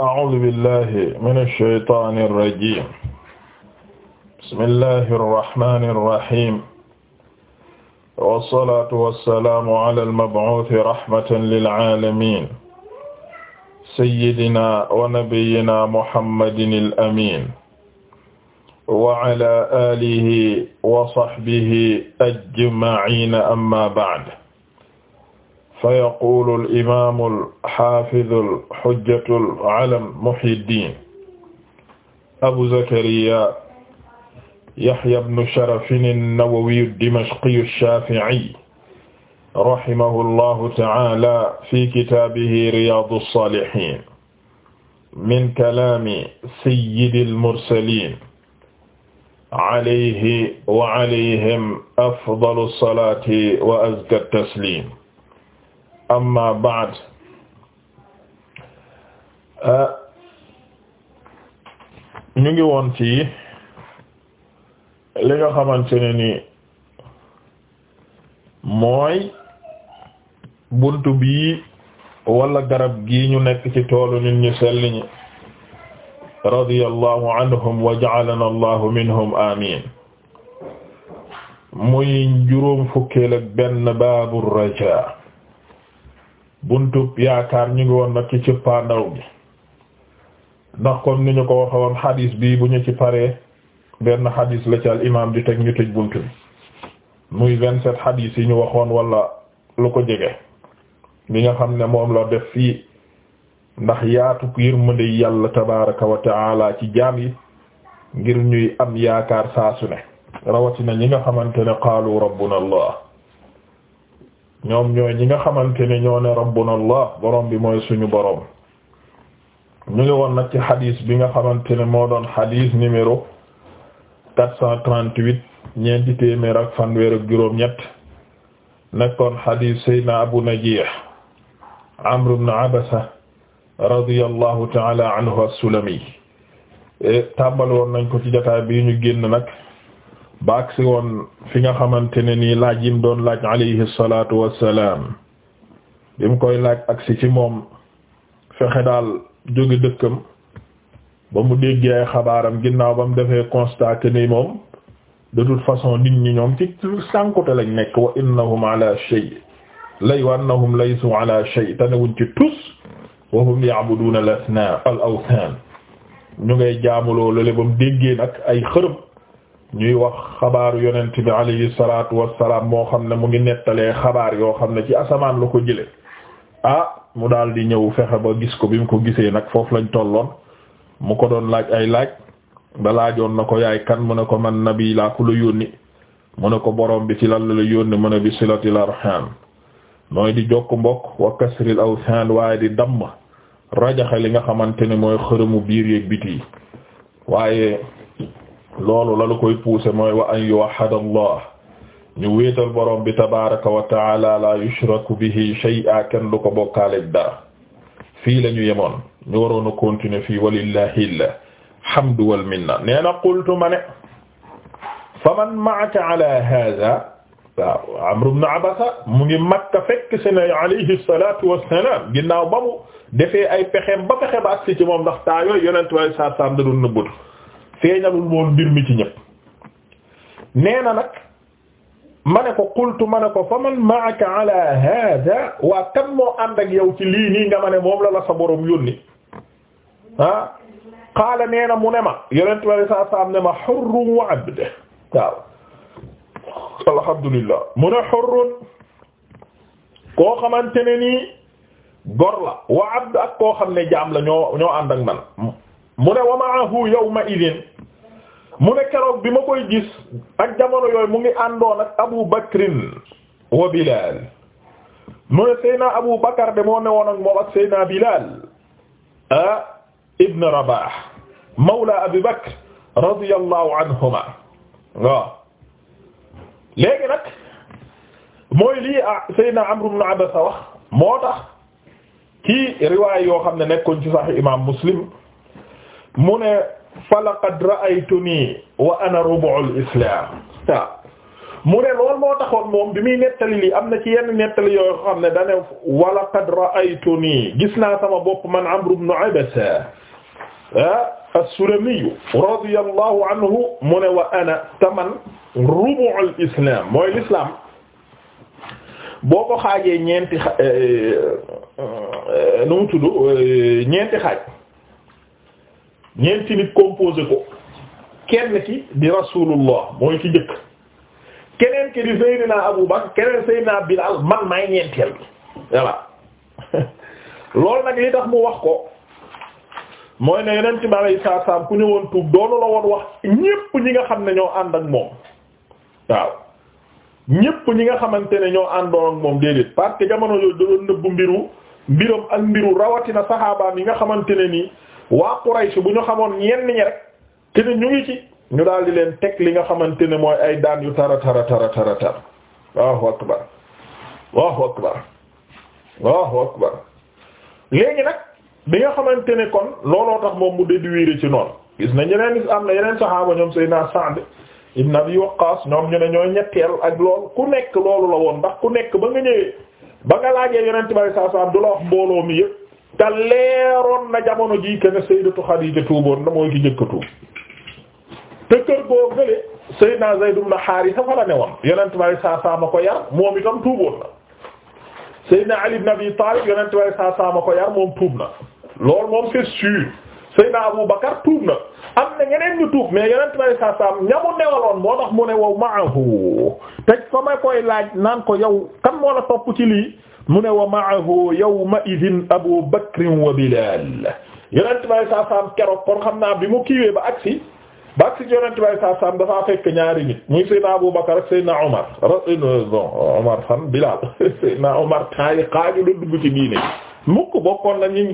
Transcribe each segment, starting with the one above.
أعوذ بالله من الشيطان الرجيم بسم الله الرحمن الرحيم والصلاة والسلام على المبعوث رحمة للعالمين سيدنا ونبينا محمد الأمين وعلى آله وصحبه أجمعين أما بعد fa yaqulu alimamu alxafidu alhojjatu alalam muhiddin abu zakariya yahya bnu sharafin annawawiyu dimashqiyu alshafiiy rahimahu allahu taala fi kitabihi riyadu alsalihin min kalaami sayyidi almursalin alayhi wa alayhim afdalu alsalati wa azka altaslim amma ba'd euh, ñu ngi woon ci li nga xamante ne ni mooy bunt bii walla garab gii ñu nekk ci toolu nit ñu sell ñi radiyallahu anhum wa ja'alana allahu minhum amin muy juróom fukkeel ak benn baabu raja buntub yaakaar ñu ngi woon nag ci cëppaandaw bi ndax kon ni ñu ko waxe woon xadis bi bu ñu ci paree benn xadis la ci al imam di teg ñu tëj bunt muy vingt-sept xadis yi ñu waxoon walla lu ko jege mi nga xam ne moom la def fii ndax yaatu yërmande yàlla tabaraka wa taala ci jaam yi ngir ñuy am yaakaar saasu ne rawatina ñi nga xamante ne qaalu rabbuna allah ñoom ñooy ñi nga xamante ne ñoo ne rabbuna allah borom bi mooy suñu borom ñu ngi woon nag ci xadis bi nga xamante ne moo doon xadis numéro quatre cent trente-huit ñeenti téeméer ak fanweer ak juróom-ñett nekkoon xadis saydna abu najih amr ibn abasa radiyallahu taala anhu as-sulami e, tàmbal woon nañ ko ci jotaay bi ñu génn nag baag si woon fi nga xamante ne nii laaj yim doon laaj alayhi salaatu wassalaam bi mu koy laaj agsi ci moom fexe daal jóge dëkkam ba mu déggee ay xabaaram ginnaaw ba mu defee constat que ni moom de toute façon nit ñi ñoom ci sànkute lañ nekk wa innahum ala lay wa annahum laysu ala shay tanewuñ ci tus wa hum ya'buduna al asnam al awthan ñu ngay jaamu loolu le ba mu déggee nag ay xërëb ñuy wax xabaaru yonent bi alayhi salaatu wassalaam moo xam ne mu ngi nettalee xabaar yoo xam ne ci asamaan la ko jële ah mu daal di ñëw fexe ba gis ko bi mu ko gisee nag foofu lañ tolloon mu ko doon laaj ay laaj da laajoon na ko yaay kan mu ne ko man nabi laa ku la yónni mu ne ko boroom bi ci lan la la yónni mu ne bi silatil arham mooy di jokk mbokk wa kasril awsan waaye di damm rajaxe li nga xamante ne mooy xërëmu biir yéeg biti waaye loolu la koy pousser mooy wa an yuwahhada allah ñu wéetal borom bi tabaraka wa taala la yushraku bihi shay'a kenn du ko bokkaale dara la ñu yemoon waroon a continuer fii walillahi alhamdu wal minna nee na qultu ma ne fa man ma'aka ala hadha waaw Amr Abasa mu ngi Makka fekk si na alayhi salatu wassalam ginnaaw ba mu ay pexeem ba fexe ba agsi ci moom ndax taa yooyu yonentu way sa sam da doon nëbbatu feeñalul woon mbir mi ci ñëpp nee ma ne ko qultu ma ne ko fa man ma'aka ala hada waa kan moo ànd yow ci lii nii nga moom la la sa borom yónni ah qaala nee na mu ne ma yonent bi alei saatu salaam ne ma hurrun wa abd alhamdulillah mu ne hurrun koo xamante ne nii gor wa abd ak ne jaam la ñoo ñoo ànd ak wa ma'ahu yawma mu ne keroog bi ma koy gis ak jamono yooyu mu ngi àndoon ak Abu Bakrin wa Bilal mu Seyna Abu Bakar de moo newoon ak moom ak Seyna Bilal ah Ibn Rabah Mawla Abi Bakr radiyallahu anhuma waaw léegi nag mooy lii ah Seyna Amr ibn Abasa moo tax kii riwaay yoo xam ne nekkoon ci Sahih Imam Muslim mu fa laqad ra'aytuni wa ana rubu'ul islam waaw mu ne loolu moo taxoon moom bi muy nettali lii am na ci yenn nettali yoo xam ne dane wa laqad ra'aytuni gis naa sama bopp man Amr ibn Abasa ah, as-Sulami radiyallahu anhu mu ne wa ana taman rubu'ul islam mooy l'islam boo ko xaajee ñeenti xa eh, eh, nu mu tudd eh, ñeenti xaaj ñeenti nit composé ko kenn ki di rasulullah mooy ci njëkk keneen ki di Seydina Abu Bakr keneen Seydina Bilal man maay ñeenteel bi voilà loolu nag li tax mu wax ko mooy ne yeneen ci mala saa saam ku ñëwoon tuub doonu la woon wax ñépp ñi nga xam ne ñoo ànd ak moom waaw ñépp ñi nga xamante ne ñoo ànd ak moom déedéet parce que jamono yooyu da doon nëbbu mbiru mbiram ak mbiru rawatina saxaabaam yi nga xamante ne nii. waa Quraysh bu ñu xamoon ñenn ñi rek te ñu ngi ci ñu daal di leen teg li nga xamante ne mooy ay daan yu tara tara tara tara tara Allahu akbar Allahu akbar Allahu akbar léegi nag bi nga xamante ne kon looloo tax moom mu déduire ci noonu gis na ñeneen am na yeneen saxaaba ñoom Seydina Sa'd ibn Abi Waqqas ñoom ñu ne ñooy ñetteel ak lool ku nekk loolu la woon ndax ku nekk ba nga ñëwee ba nga laajee yeneen bi sallallahu alayhi du la wax mbooloo mi yëpp te leeroon na jamono jii que ne Sayyidatu Xadiija tuuboon na mooy ki njëkk a tuub te kër goo gële Sayyidna Zayd ibn Haarisa fa la ne woon Yonent bi sallallahu alayhi ko yar moom itam tuuboon na Sayyidna Ali ibn Abi Taalib Yonent bi sallallahu ko yar moom tuub na loolu moom c'est sûr Sayyidna Abu Bakar tuub na am na ñeneen ñu tuub mais Yonent bi sallallahu alayhi wa sallam ñamu newaloon moo tax mu ne wow maahu te fa ma koy laaj naan ko yow kan moo la topp ci lii. mu ne wa ma'ahu yawma idin Abu Bakr wa Bilal yonent bay saa saam keroog kon xam naa bi mu kiiwee ba agsi ba agsi ci yonent bay saa saam dafaa fekk ñaari nit muy Seydina Abu Bakr ak Seydina Omar bon euh, Omar fan Bilal Seydina Omar temps yi mukk bokkoon na ñu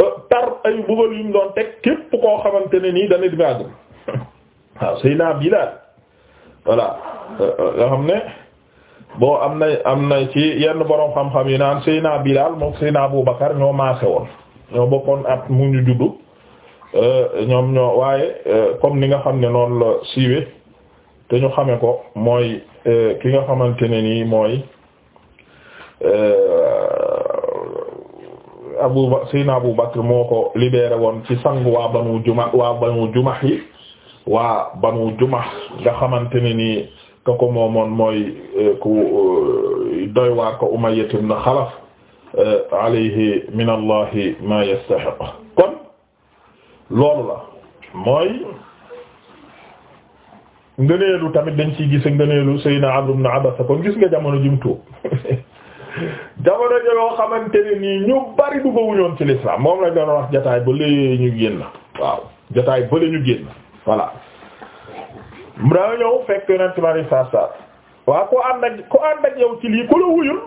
euh, tar ay bëggal yu doon teg képp koo xamante ne ni dana di maa gëm waaw Seydina Bilal voilà euh, nga ne. bo am na am na ci yenn borom xam-xam yi naan Seyna Bilal moom Seyna Aboubacar ñoo maase woon ñoo bokkoon at mu ñu juddu euh, ñoom ñoo waaye euh, comme ni nga xam ne noonu la siiwe te ñu xame ko mooy euh, ki nga xamante ne nii mooy abu Seyna Aboubacar moo ko libeere woon ci sangu waa banu juma waa banu jumax yi waa banu jumax nga xamante ne nii. ka ko moomoon mooy eh, ku eh, doy waar ko Umayyah ibn Xalaf eh, alayhi min Allah ma yastahiq kon loolu la mooy ngëneelu tamit dañ ciy gis ngëneelu Seydina Amr ibn Abasa kon gis nga jamono jum tuub jamono joo xamante ne nii ñu bari duggawuñoon ci l'islam moom lañ doon wax jataay ba ñu génn waaw jataay ba ñu génn voilà daa ñëw fekk yonent ma ni saa saa waaw ku ànd ak ku ànd ak yow ci lii wuyul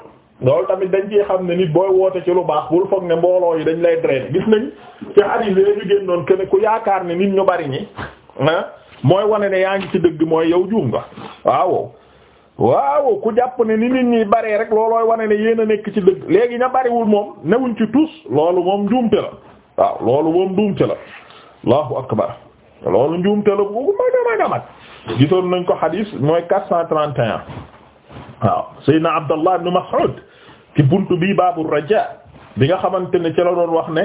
loolu tamit dañ ciy xam ne ni booy woote ci lu baax bul foog ne mbooloo yi dañ lay drainer gis nañ ci hadith yi ñu génnoon que ne ku yaakaar ne nit ñu bari ñi ah, mooy wane ne yaa ngi ci dëgg mooy yow juum nga waaw waaw ku jàpp ne ni nit ñi baree rek loolooy wane ne yéen a nekk ci dëgg léegi ña bariwul moom newuñ ci tus loolu moom njuumte la waaw loolu moom njuumte la allahu akbar loolu njuumte la bu mag gisoon nañ ko xadis mooy quatre cent trente et un waaw Seydina Abdallah ibn Mas'ud raja bi nga xamante ne ci la doon wax ne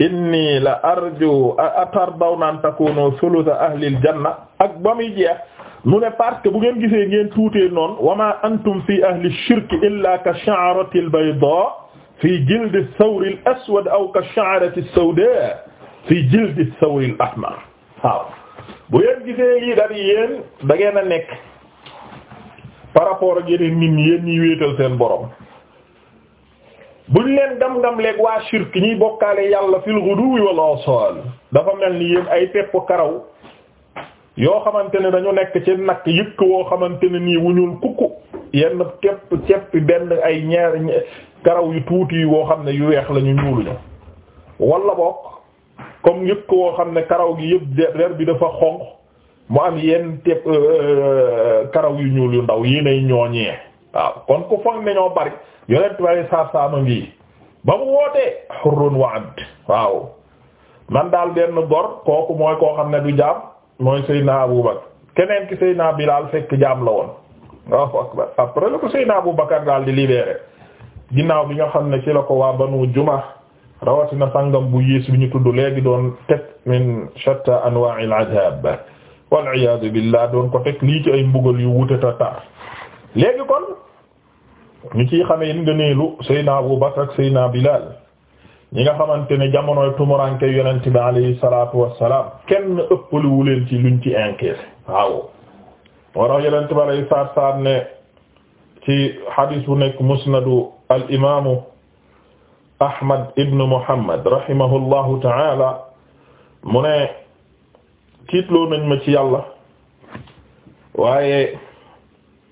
inni la arju atardawna an takunu thulutha ahli aljanna ak ba muy jeex mu ne parce que bu ngeen gisee ngeen tuutee noonu wa ma antum fi ahli shirk illa ka sha'rati albayda fi jildi ath-thawr al-aswad aw ka sha'rati ath-sawda fi jildi ath-thawr al-ahmar waaw bu yéen gisee lii daal yéen da ngeen a nekk par rapport ak yeneen nit ñi yéen ñuy wéetal seen borom buñ leen gam-gam leeg waa shirk ñuy bokkaale yàlla fil ghudu wal asal dafa mel ni yéen ay pepp karaw yoo xamante ne dañu nekk ci nakk yëkk woo xamante ne nii wu ñuul kukku yenn képp céppi benn ay ñaar karaw yu tuuti woo xam ne yu weex lañu ñu ñuuluñu wala bokk comme yëpp ko xam ne karaw gi yëpp der bi dafa xonq mu am yenn te euh, euh, karaw yu ñuul yu ndaw yi nay ñooñee waaw kon ku foog ne ñoo bari yonent bari saar saama ngi ba mu wootee xurrun wa abd waaw man daal benn gor kooku mooy koo xam ne du jaam mooy Seydina Abu Bakar keneen ki Seydina Bilaal fekk jaam la woon waaw akbar après la ko Seydina Abu Bakar daal di libéré ginnaaw bi nga xam ne ci la ko waa Banu Juma rawatina sangam bu yées bi ñu tudd léegi doon teg min shatta anwa'il adab wal iyaadu billah doon ko teg lii ci ay mbugal yu wute tar léegi kon ñu ci xamee yin nga neelu Seydina Abu Bakr ak Seydina Bilal nga xamante ne jamonoy tumuranke yonent bi alayhi salaatu wassalaam kenn ëppaliwu leen ci luñ ci encaissé waaw warax yonent bi alayhi salaatu wassalaam ne ci hadis bu nekk musnadu al imaamu Ahmad ibn Muhammad rahimahullahu ta'ala mu ne tiitloo nañ ma ci yàlla waaye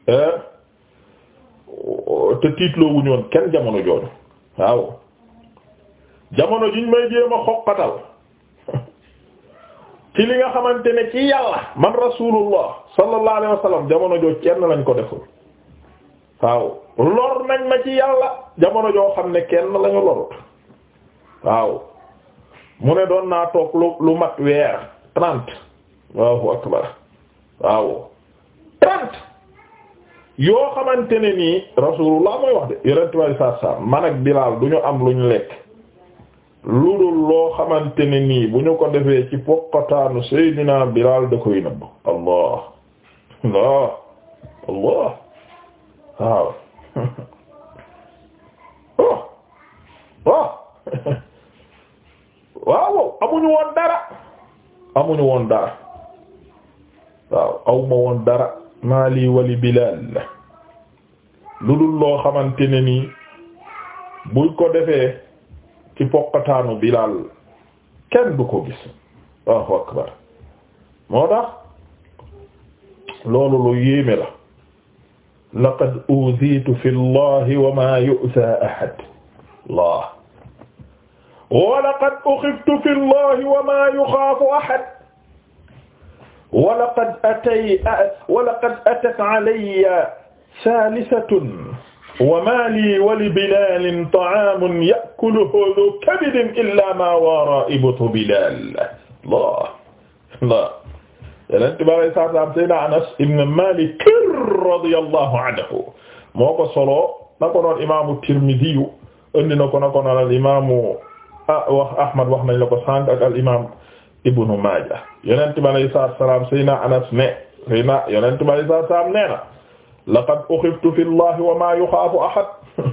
eh, te tiitloo wuñu woon kenn jamono jooju waaw jamono jiñ may jéem a xoqatal ci li nga xamante ne ci yàlla man rasulullah sallallahu alayhi wa jamono jooj kenn lañ ko deful waaw lor nañ ma ci yàlla jamono joo xam ne kenn lañu lorut waaw mu ne doon naa toog lu mat weer trente waaw akbar yoo xamante ne nii rasulullah mooy wax de yorentuwaayu saa saa man ak Bilaal du ñu am lu ñu lekk lu dul loo xamante ne nii bu ñu ko defee ci poqataanu Seydina Bilaal da koy nëbb allah allah waaw oh oh waaw amuñu woon dara amuñu woon dara waaw awma woon dara maa wali Bilaal lu dul loo xamante ne nii buñ ko defee ci poqataanu Bilaal kenn du ko gis Allahu akbar moo tax loolu lu yéeme la laqad uudiitu fi llahi wa maa yu'zaa ahad Allah wa laqad uxiftu fi llahi wa maa yuxaafu ahad wa laqad atay wa laqad atat alayya saalisatun wa maa lii wa li Bilaalin ta'aamun ya'kuluhu dhuu kabidin illaa maa waaraa ibtu Bilaal Allah Allah yeneen tubaab yi saa saa am Seydina Anas ibn Malik radiyallahu anhu moo ko solo na ko noon imaamu Tirmidhi indi na ko na ko noon al imaamu ah wax Ahmad wax nañ la ko sànq ak al imaam Ibn Majah yeneen tubaab yi saa salaam Seydina Anas ne Seydina yeneen tubaab yi saa salaam nee na laqad ukhiftu fi llahi wa ma yukhaafu ahad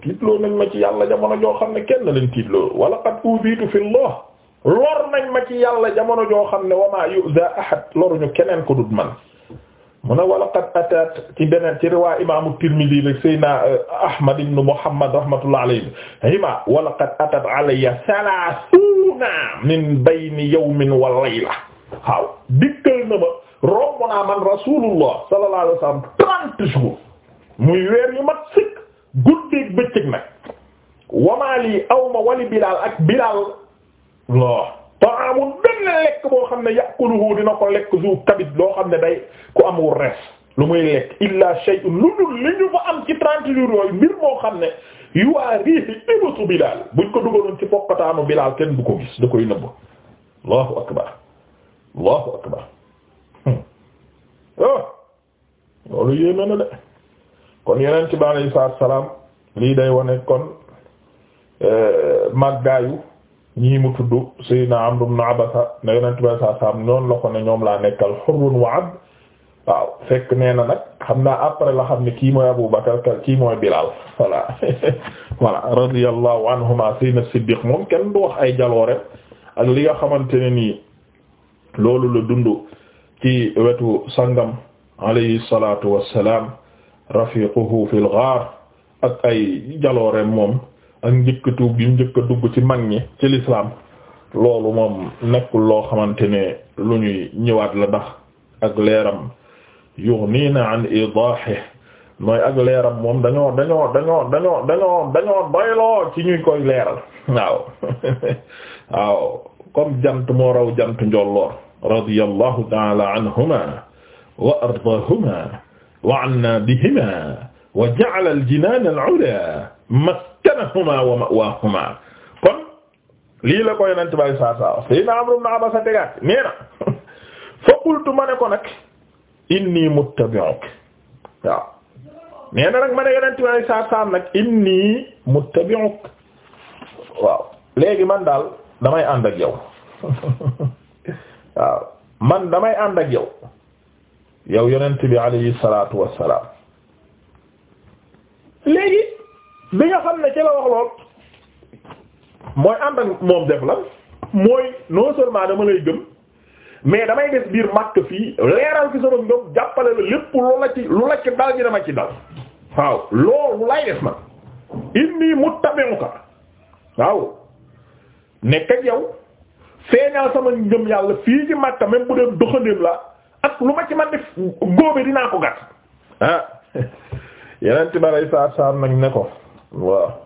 tiitloo nañ ma ci yàlla jamono joo xam ne kenn lañ tiitloo wa laqad ubiitu fi llah lor nañ ma ci yàlla jamono joo xam ne wama yu'za ahad loruñu keneen ko dut man mu ne wala qad atat ci beneen ci riwaa imaamu Tirmidi uh, bi hima wala qad atat alayya salaasuuna min bayni wa layla waaw dikkal na ma romb naa man rasulullah sallallahu alayhi wa sallam trente jours muy weer yu mat sëkk guddeeg bëccëg nag wamaali awma ak Bilaal waaw ta'amun benn lekk boo xam ne ya'kuluhu dina ko lekk zu kabid loo xam ne day ku amul res lu muy lekk illa shay'un lu dul li ñu fa am ci trente jours yooyu mbir moo xam ne yuwaarihi ibtu Bilaal buñ ko dugaloon ci pokkataanu Bilaal kenn du ko gis da koy nëbb Allahu akbar Allahu akbar hmm. oh loolu yéeme na de kon yeneen ci bi alayhi salaam lii day wane kon eh, màggaayu ñii mu tudd Seydina Amr ibn Abasa ne yonent bi saam ñoon la ko ñoom laa nekkal xurrun wa waaw fekk nee na nag xam naa après la xam ne kii mooy Abu Bakar kii mooy Bilal voilà anhuma Seydina Siddiq moom kenn du wax ay jaloore ak li nga xamante ne nii loolu la dund ci wetu sangam alayhi salaatu wassalaam rafiquhu fil ghaar ay jaloore moom ak njëkk tuub gi njëkk a dugg ci mag ñi ci lislaam loolu moom nekkul loo xamante ne lu ñuy ñëwaat la ndax ak leeram yughniina an idaahi mooy ak leeram moom dañoo dañoo dañoo dañoo dañoo dañoo doyloo ci ñuy koy leeral waaw waaw comme jant moo raw jant njolloor radiyallahu ta'ala anhuma wa ardaahuma wa anna bihima wa ja'ala al-jinaan al-'ulaa maskanahuma lii la ko yonent bay saa saa sayna Amru ibn Abasa tegaat nee na qultu ma ne ko nag inni muttabi'uk waaw nee na ma ne yonent bay saa saa nag inni muttabi'uk waaw man daal damay ànd ak yow waaw man damay ànd ak yow yow yonent salaatu wassalaam léegi bi nga xam ne ci wax lool mooy ànd ak moom def la mooy non seulement dama lay gëm mais damay def biir màkk fii leeral ci sama ngëm jàppale la lépp lu la ci lu la ci dal ji dama ci dal waaw loolu lay def man inni muttabi'uka waaw nekk ak yow feeñal sama ngëm yàlla fii ci màkka même bu dee doxandéem la ak lu ma ci man def góobe dinaa ko gat ah yeneen ci ma saar saar nag ne ko waaw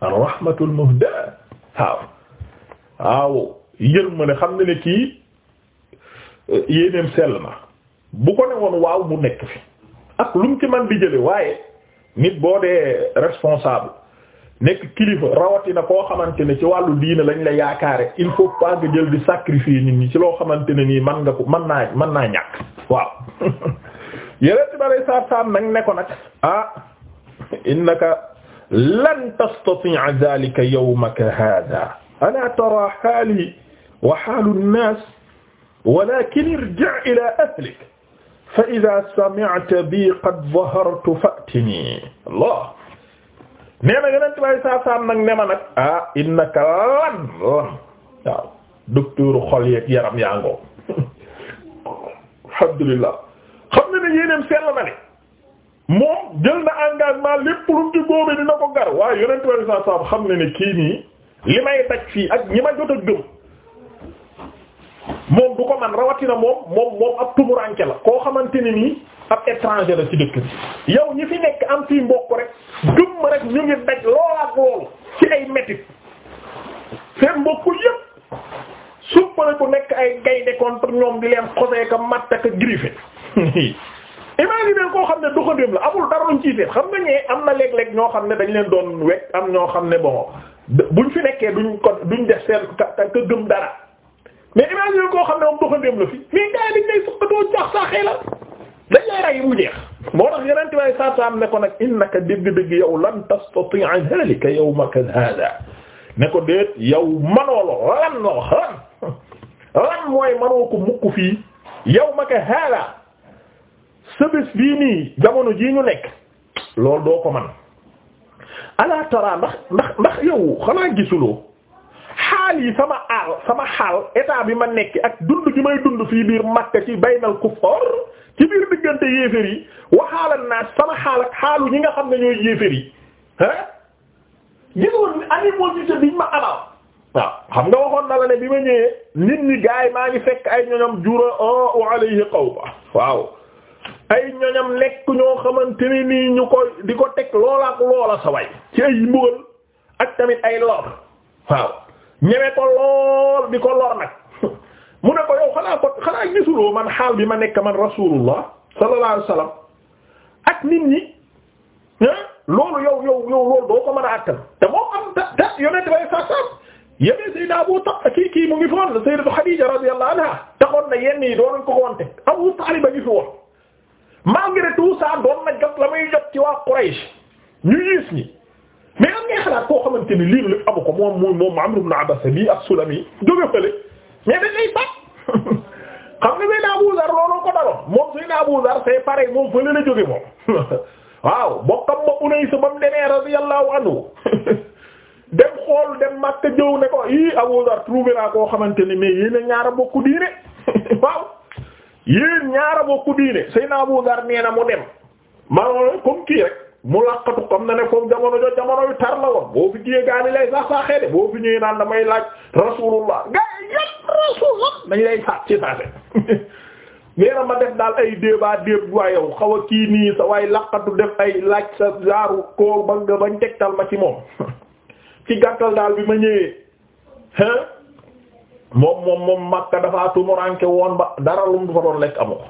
ar-rahmatul muhda waaw waaw yër ma ne xam ne ne kii eh, yéeneem sell na bu ko ne woon waaw mu nekk fi ak lu mu ci man di jële waaye nit boo dee responsable nekk kilifa rawatina koo xamante ne ci wàllu diina lañ la yaakaare il faut pas nga jël di sacrifier nit ñi ci loo xamante ne nii man nga ko mën naa mën naa ñàkk waaw yéreet bare saab saab nag ne ko nag ah innaka lan tastati'a dhalika yawmaka hadha ala tara hali wa halu an-nas walakin irji' ila ahlik fa idha sami'ta bi qad dhahartu fa'tini Allah nee na yeneen tubaab yi saa saa nag ne ma nag ah innaka lan lan waaw docteur xol yeeg yaram yaa ngoo alhamdulillah xam na ne yéeneem seetlu na ne moom jël na engagement lépp lu ci góobe dina ko gar waaye yonent bi sallallahu alayhi xam ne ne kii nii li may daj fii ak ñi ma jot a gëm moom du ko man rawatina moom moom moom ab tumuranke la koo xamante ne nii ab étranger la ci dëkk bi yow ñi fi nekk am fii mbokk rek gëm rek ñu ngi daj lool ak loolu ci ay métit seen mbokk yépp suppale ku nekk ay gaynde contre ñoom di leen xosee ka matt ak griffé imaginez koo xam ne doxandéem la amul dara luñ ciy seet xam nga ñee am na léeg-léeg ñoo xam ne dañ leen doon wekk am ñoo xam ne bon buñ fi nekkee duñ ko duñ def seen ka gëm dara mais imaginez koo xam ne moom doxandéem la fi mais gars yi dañ lay suqandoo jox sa dañ lay rey bu jeex. moo tax yeneen tubaab yi saa saa am ne ko nag innaka dégg-dégg yow lan tastati'a ma yawmaka hadha ne ko déet yow mënoo lan lan lan mooy mënoo ko mukk fii yawmaka sa bés bii nii jamono jii ñu nekk loolu doo ko man ala tara ndax ndax ndax yow xanaa gisuloo xaal yi sama aal sama xaal état bi ma nekk ak dund gi may dund fii biir Makka ci baynal kuffar ci biir diggante yéefér yi waxaala naas sama xaal ak xaalu ñi nga xam ne ñooy yéefér yi ah gisoon animosité biñ ma amal waaw xam nga waxoon na la ne bi ma ñëwee nit ñi gaay maa ngi fekk ay ñoñom jura o ah, wa alayhi qawba waaw ay ñoñam nekk ñoo xamante ni nii ñu ko di ko teg loola loola sa ci ay mbugal ak tamit ay lor waaw ñeme ko lool di ko lor nag mu ne ko yow xanaa ko xanaa gisuloo man xaal bi ma nekk man rasulullah sallallahu alayhi wasallam ak nit ñi loolu yow yow yow loolu doo ko mën a àttan te moo am ta ta yonent Abu Talib kii kii mu ngi fi woon Sayyidatu Xadiija radiyallahu anha taxoon na yenn yi doon ko ko wante Abu Talib ba ngi fi woon malgré tout ça doon na jot la muy jot ci waa Quraysh ñu yiis ñi mais am ngay koo xamante ni lii lu amu ko moom muy moom Amr ibn Abasa bi ak Sulami jóge fële mais dañ lay pat xam nga Seydina Abu Zar looloo ko daloon moom Seydina Abu Zar c'est moom fële la jóge moom waaw bokkam ba Unaysa ba mu demee radiyallahu anhu dem xool dem Makka jëw ne ko i Abu Zar naa koo xamante ni mais yéen a ñaar a bokku diine waaw yéen ñaara bokku diine Seydina Abu Dar nee na mu dem manoon comme kii rek mu laqatu comme na ne foofu jamono jo yu tar la woon boo fi jiyee gaa lay sax saaxee de boo fi ñëwee naan damay laaj rasulullah nga yëpp rasulullah dañ lay sax ci saase nee ma def daal ay déebaa déeb waa yow xaw a kii nii sa waaye laqatu def ay laaj sa jaaru koo ba nga bañ tegtal ma ci moom ci gàttal daal bi ma ñëwee hein moom moom moom Makka dafa tumuranke woon ba dara lu mu fa doon lekk amu ko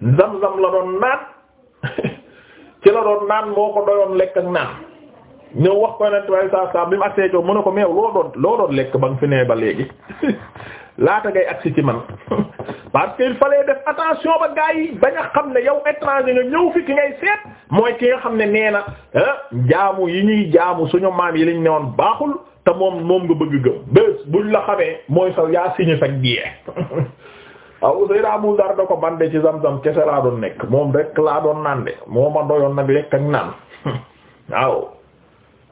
zam-zam la doon naan ci la doon naan moo ko doyoon lekk ak naan ñëw wax ko yonent bi saa saa bi mu agsee mu ne ko meew loo doon loo doon lekk ba nga fi nee ba léegi laata ngay agsi ci man parce qu'il fallait def attention ba gars yi bañ a xam ne yow étranger nga ñëw fi ki ngay seet mooy ki nga xam ne nee na ah, jaamu yi ñuy jaamu suñu maam yi lañ newoon baaxul. te moom moom nga bëgg gëm bés buñ la xamee mooy sax yaa signé sax biyee waaw Seydina Abu Dar da ko man de ci zam-zam kese laa doon nekk moom rek laa doon naan de moo ma doyoon nag lekk ak naan waaw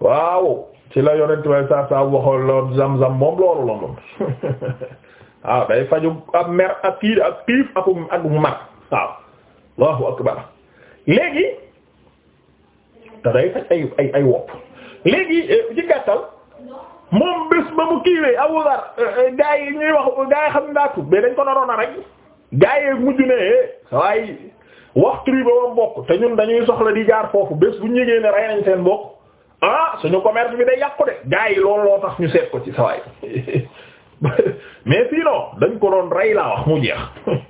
waaw ci la yonent way saa saa waxoon loon zam-zam moom loolu la moom waaw day faju ab mer ak kii ak xiif ak ak mar waaw Allahu akbar léegi te faj ay ay léegi eh, ci moom bés ba mu kiiwee Abu Dar eh, eh, gaa yi ñuy wax gaa yi xam ne daa tuub dañ ko naroon a rek gaa yi mujj ne eh, waaye waxtu bi ba ma bokk te ñun dañuy soxla di jaar foofu bés bu ñu yëgee ne rey nañ seen bokk ah suñu commerce bi day yàqu de gaa yi loolu loo tax ñu seet ko ci sawaay mais sinon dañ ko doon rey laa wax mu jeex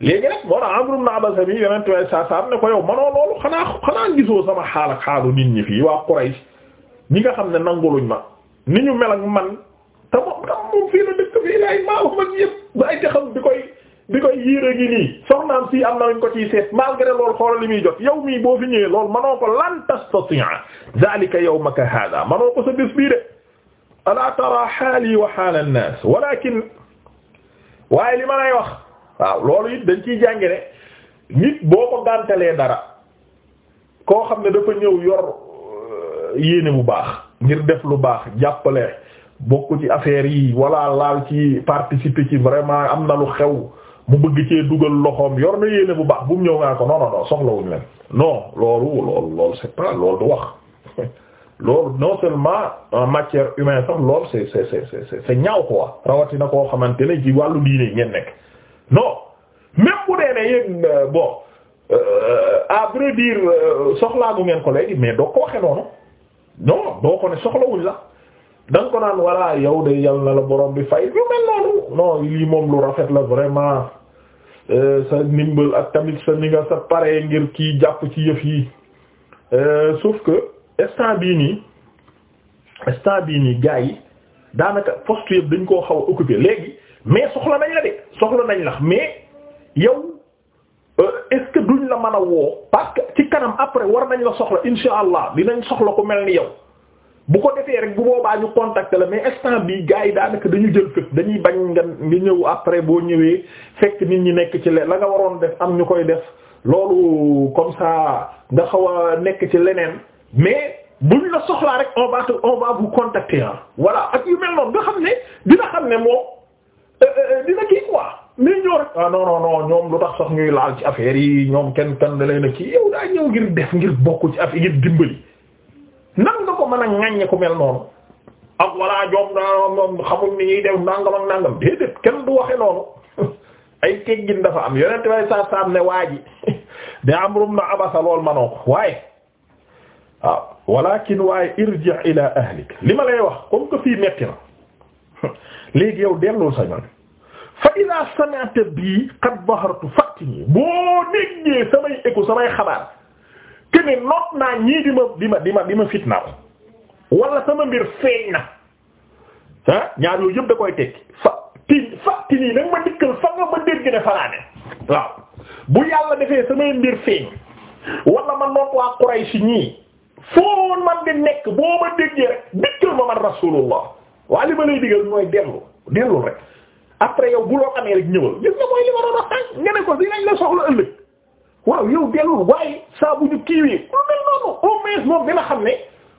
léegi rek moo tax Amru ibn Abasa bi yeneen tuwaay saa saa ne ko yow manoo loolu xanaa xanaa gisoo sama xaal ak xaalu nit ñi fii nga xam ne nanguluñ ma. ni ñu mel ak man te moom tam moom fii la dëkk fii laay maaw mag yëpp xam bi koy bi koy yiire si am na luñ ko ciy seet malgré loolu xoolal li muy jot yow mii boo fi ñëwee loolu manoo ko lan tastati'a zalika yawmaka hada manoo ko sa bés bii de ala tara xaali wa xaala an-nas walakin waaye li ma nay wax waaw loolu it dañ ciy jànge ne nit boo ko gàntalee dara koo xam ne dafa ñëw yor euh, yéene bu baax ngir def lu baax jàppale bokk ci affaire yi wala laal ci participer ci vraiment am na lu xew mu bëgg cee dugal loxoom yor na yéene bu baax bu mu ñëw ngaa ko non non non soxlawuñ leen non loolu loolu c'est pas loolu du wax loolu non seulement matière humaine sax loolu ko c'est c'est c'est ñaaw quoi rawatina koo xamante ne ci wàllu diine ngeen nekk non même bu dee ne yéen euh, bon euh, à euh, soxlaa bu ngeen ko léegi mais doo ko waxe noonu. non doo ko ne soxlawuñ la da ko naan voilà yow de yal na la borom bi fay yu mel noonu non lii moom lu rafet la vraiment euh, sa ndimbal ak tamit sa ni nga sa paree ngir kii jàpp ci yëf yi euh, sauf que instant bii nii instant bii nii gars yi daanaka poste yëpp dañ koo xaw a léegi mais soxla nañ la de soxla nañ la mais yow Euh, est-ce que duñ la man a woo parce que ci kanam après war nañ la soxla insha allah dinañ soxla ko mel ni yow bu ko defee rek bu boobaa ñu contacté la mais instant bi gars yi daanaka dañu jël fépp dañuy bañ nga nga ñëw après boo ñëwee fekk nit ñi nekk ci la nga waroon def am ñu koy def loolu comme ça nga xaw a nekk ci leneen mais buñ la soxlaa rek on va on va vous contacter ah voilà ak yu mel noonu nga xam ne dina xam ne moom euh, euh, dina kii quoi. nit ñoo rek ah non ñoom lu tax sax ñuy laal ci affaire yi ñoom kenn kenn da lay na kii yow daa ñëw ngir def ngir bokk ci affaire ngir dimbali nan nga ko mën a ŋaññe ku mel noonu ak walla ñoom daa moom xamuñ ni ñuy def nangam ak nangam déedéet kenn du waxe noonu ay teggin dafa am yonent way sa saam ne waa ji da am rum na abasa lool manoo waaye waaw waaye irji' ila ahlik li ma lay wax comme que fii metti na léegi yow dellul fa ida sami'ta bii qad zahartu fatini boo déggee samay écho samay xabaar kene noot naa ñii di ma di ma di ma di ma fitnaal wala sama mbir feeñ na ah ñaar yooyu yëpp da koy tekki fa ti fatini nag ma dikkal fa ma dégg ne falaane waaw bu yàlla defee samay mbir feeñ wala ma noot waa Quraysh ñii foo man di nekk boo ma déggee rek dikkal ma man rasulullah waa li ma lay digal mooy dellu dellu rek après yow bu loo amee rek ñëwal gis nga mooy li ma doon wax tànk ne ko dinañ la soxla ëllëg waaw yow dellul waaye saa bu ñu kiiwee lu mel noonu moom dina xam ne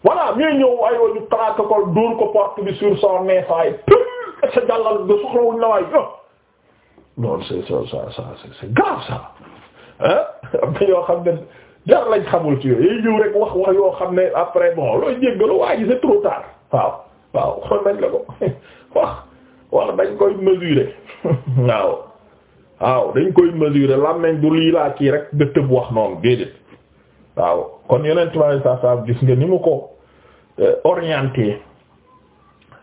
voilà ñooy ñëw ayoo ñu traité ko dóor waaye waaye oh. yoo xam ne xamul ci yooyu wax wax xam ne après bon looy jéggalu waa ji c'est trop waaw waaw nañ la ko wax. wala dañ koy mesurer waaw waaw dañ koy mesurer làmmeñ du lii laa kii rek nga tëb wax noonu déedéet waaw kon yeneen tubaab saa saa gis nga ni mu ko euh, orienté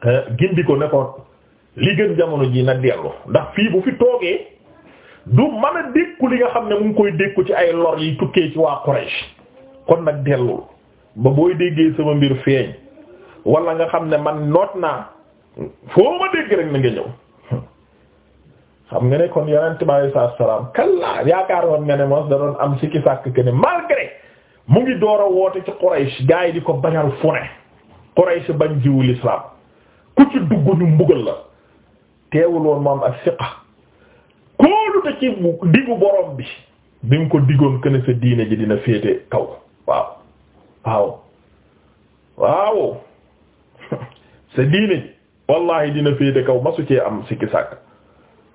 euh, gindi ko ne ko li gën jamono ji nag dellu ndax fii bu fi toogee du mën a dékku li nga xam ne mu ngi koy dékku ci ay lor yi tukkee ci waa Quraysh kon nag dellul ba booy déggee sama mbir feeñ wala nga xam ne man noot naa foo ma dégg rek na nga ñëw xam nga ne kon yonent bi alayhi salaatu wa salaam kallaa yaakaar woon nga ne mos da doon am sikki sàkk que ne malgré mu ngi door a woote ci Quraysh gaa yi di ko bañal fu ne bañ jiwu l'islam ku ci dugg ñu mbugal la teewul woon moom ak siqa kóolute ci diggu borom bi bi nga ko diggoon que sa diine ji dina féete kaw waaw waaw waaw sa diine ji wallahi dina féete kaw masu ci am sikki sàkk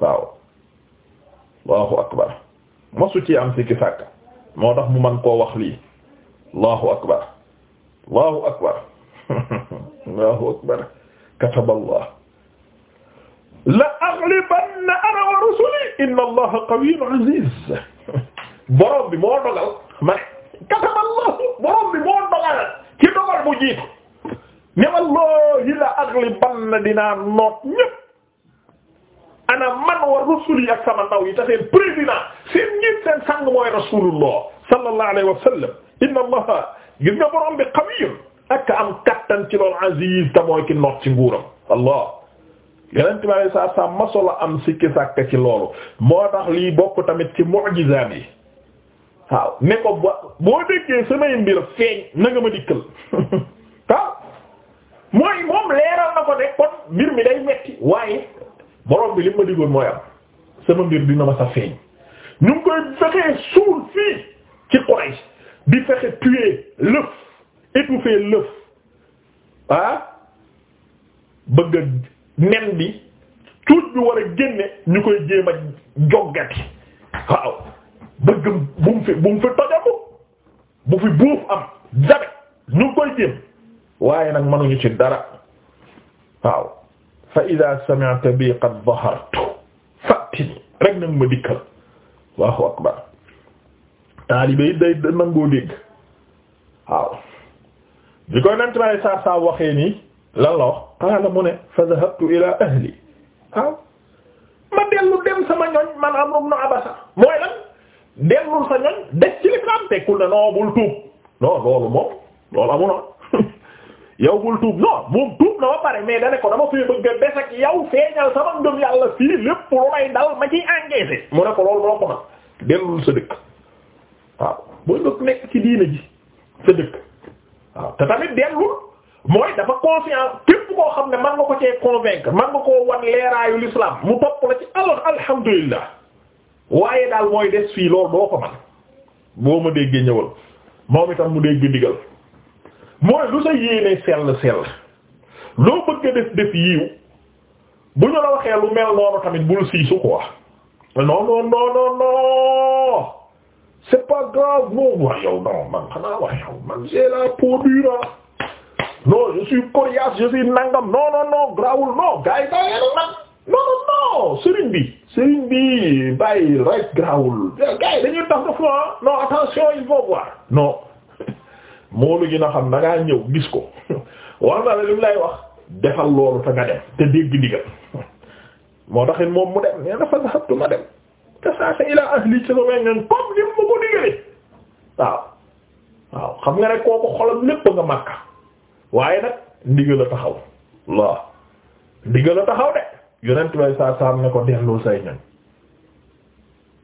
waaw allahu akbar masu cee am sikki sàkk moo mu man koo wax lii allahu akbar allahu akbar allahu akbar kataballah la aghlibanna ana wa rusuli inna allaha qawiyyun aziz borom bi moo dogal ma kataballah borom bi ne wallahi la aghlibanna dinaa noot ñépp ana man wa rusuli ak sama ndaw yi président seen njiit sang mooy rasulullah sallallahu alayhi wa sallam inna allaha gis nga borom bi qawiy am kattan ci loolu aziz te mooy ki noot ci nguuram allah yenente bi alei saatu salaam masola am sikki sàkk ci loolu moo tax lii bokk tamit ci mu'jizaat yi waaw ne ko ba boo déggee samay mbir feeñ na nga ma dikkal mooy moom leeral na ne mbir mi day metti waaye borom bi li ma digoon mooy am sama mbir dina ma sa feeñ ñu ngi koy fexee suul fii ci Quraysh di fexe tuer lëf étouffer lëf ah bëgg a nen bi tuut bi war a génne ñu koy jéem a joggati waaw bëgg bu mu fi bu mu fi tojaku bu fi buuf am jabe ñu ngi koy jéem waaye nag mënuñu ci dara waaw i ida sami'ta bi qad zahartu fàttini rek nag ma dikkal Allahu akbar taalibe yi day nangoo dégg waaw bi koy nant may saa saa waxee lan la wax qaala mu ne fa dhahabtu ila ma ñoñ man Amru ibn Abasa mooy lan sa ñoñ des ci lislaam tekkul noo bul tuub non loolu moom loolu yow bul tuub non moom tuub na ba pare mais dane ko dama fee bëgg a des ak yow feeñal sama ngëm yàlla fii lépp lu may dal ma ciy engagé mu ne ko loolu ko man dellul sa dëkk waaw booy bëgg nekk ci diina ji sa dëkk waaw te tamit dellul mooy dafa confiance képp koo xam ne man nga ko cee convaincre man nga koo wan leeraayu l'islam mu topp la ci alors alhamdulillah waaye daal mooy des fii loolu doo ko man boo ma déggee ñëwal moom itam mu dégg ndigal mooy lu sa yéene sell sell loo bëgg a def def yiw bu ñu la waxee lu mel noonu tamit bul siisu quoi non non non non non c'est pas grave non waaye yow man xanaa waaye man j'ai la peau dure non je suis nangam non non non grawul non gars yi daa yàlla man non non bi Serigne bi bàyyi rek grawul gars yi dañuy tax de fois ah. non attention il faut voir moolu gën a xam da ñëw gis ko wax na la li mu lay wax defal loolu te nga dem te dégg ndigal moo taxit moom mu dem nee na fa zahabtu ma dem comme ni mu ko digalee waaw waaw xam nga rek kooku xolam lépp nga makka waaye nag ndigal a taxaw waaw ndigal a taxaw de yonent bay saa saa ne ko delloo say ñoñ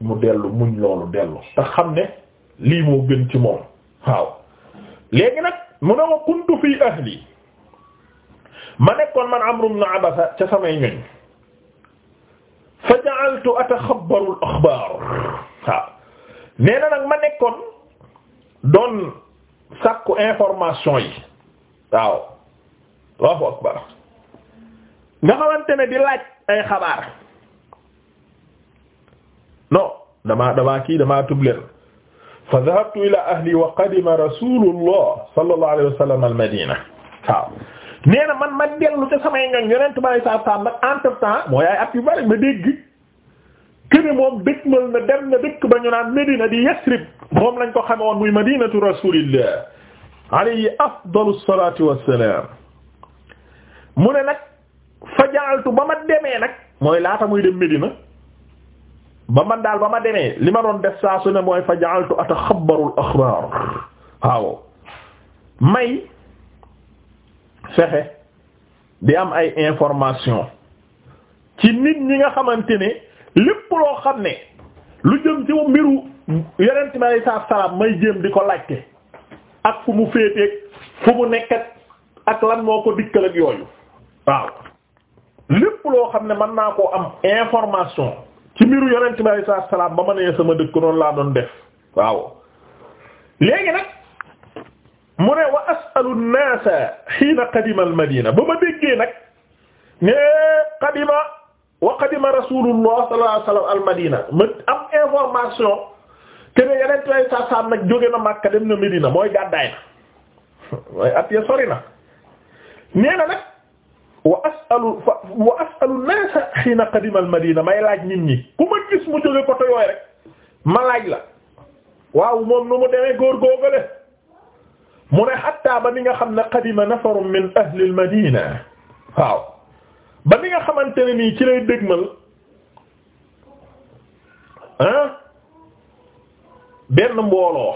mu dellu muñ loolu dellu te xam ne lii moo gën ci moom waaw léegi nag mu ne wa kuntu fii ahli ma nekkoon man Amru ibn Abasa ca samay ñoñ fa ja'altu ataxabbaru al-axbaar nee na nag ma nekkoon doon sàkku information yi waaw Allahu akbar nga xamante ne di laaj ay xabaar non damaa damaa kii damaa tubleen fa dahabtu ila ahli wa qadima rasulullah sallallahu alayhi wa sallam al madina waaw nee na man ma dellu te samay ñoñ yonent ba saa saa nag entre temps mooy ay at yu bari ma dégg kene moom dëkkmal na dem na dëkk ba ñu naan Medina di Yasrib moom lañ ko xame woon muy madinatu rasulillah alayhi afdalu salatu wassalam mu ne nag fa jaaltu ba ma demee nag mooy laata muy dem Medina ba man daal ba ma demee li ma doon def saa su ne mooy fa ja'altu ataxabbarul axbaar waaw may fexe di am ay information ci nit ñi nga xamante ni lépp loo xam ne lu jëm ci mbiru yonent bi alayhi salaatu salaam may jéem di ko laajte ak fu mu féeteeg fu mu nekkat ak lan moo ko dikkal ak yooyu waaw lépp loo xam ne mën naa koo am information ci mbiru yonent bi salaam ba ma nee sama dëkk noonu laa doon def waaw léegi nag mu ne wa asalu an hiina qadima al ba ma déggee nag ne qadima wa qadima rasulullah sallallahu alayhi wasallam ma am information que ne yonent bi alayhi salaam nag jóge na Makka dem na Medina mooy gàddaay na mooy at ya sori na nee nag wa asalu wa asalu naasa xiina al madina may laaj nit ñi ku ma gis mu jóge côté yooyu rek ma laaj la waaw moom nu mu demee góor góogale mu ne xatta ba ni nga xam ne qadima nafarun min ahli al madina waaw ba ni nga xamante ne nii ci lay dégmal ah benn mbooloo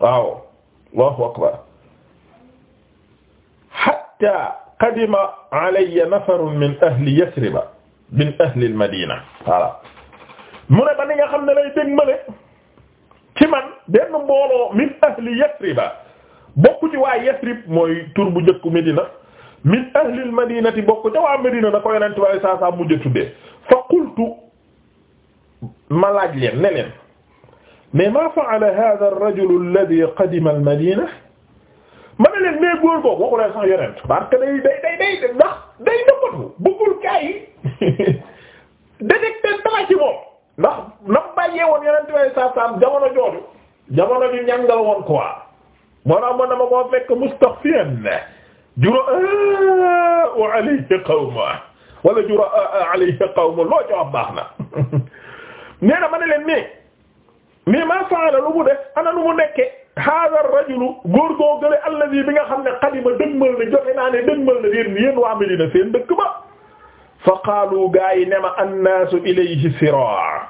waaw allahu akbar xatta qadima alayya nafarun min ahli yasriba min ahli almadina voilà mu ne ba ni nga xam ne lay dég male ci man benn mbooloo min ahli yasriba bokk ci waa yasrib mooy tur bu njëkku médina min ahli almadinati bokk ca waa médina da ko yonent wala saa saa mujj tuddee fa qultu ma laaj leen ne leen mais ma fa'ala hadha ar-rajul alladhi qadima al-madina ma ne leen mais góor googu waxu leen sax yonent parce que day day day day ndax day nëbbatu bëggul kaa yi détecté dara ci moom ndax nam bàyyee woon yonent way sa sam jamono jooju jamono ju ñàngal woon quoi moo naam mën na ma koo fekk mustaxfiyan jura wa alayhi qawma wala jura alayhi qawma loo ci wax baax na nee na ma ne leen mais mais ma faala lu mu def ana lu mu nekke hada rajulu góor goo gële alladi bi nga xam ne xadima dëgmal na joxe naa ne dëgmal na yéen yéen waa Medina seen dëkk ba fa qaalu gaa yi ne ma annaasu ilayhi siraa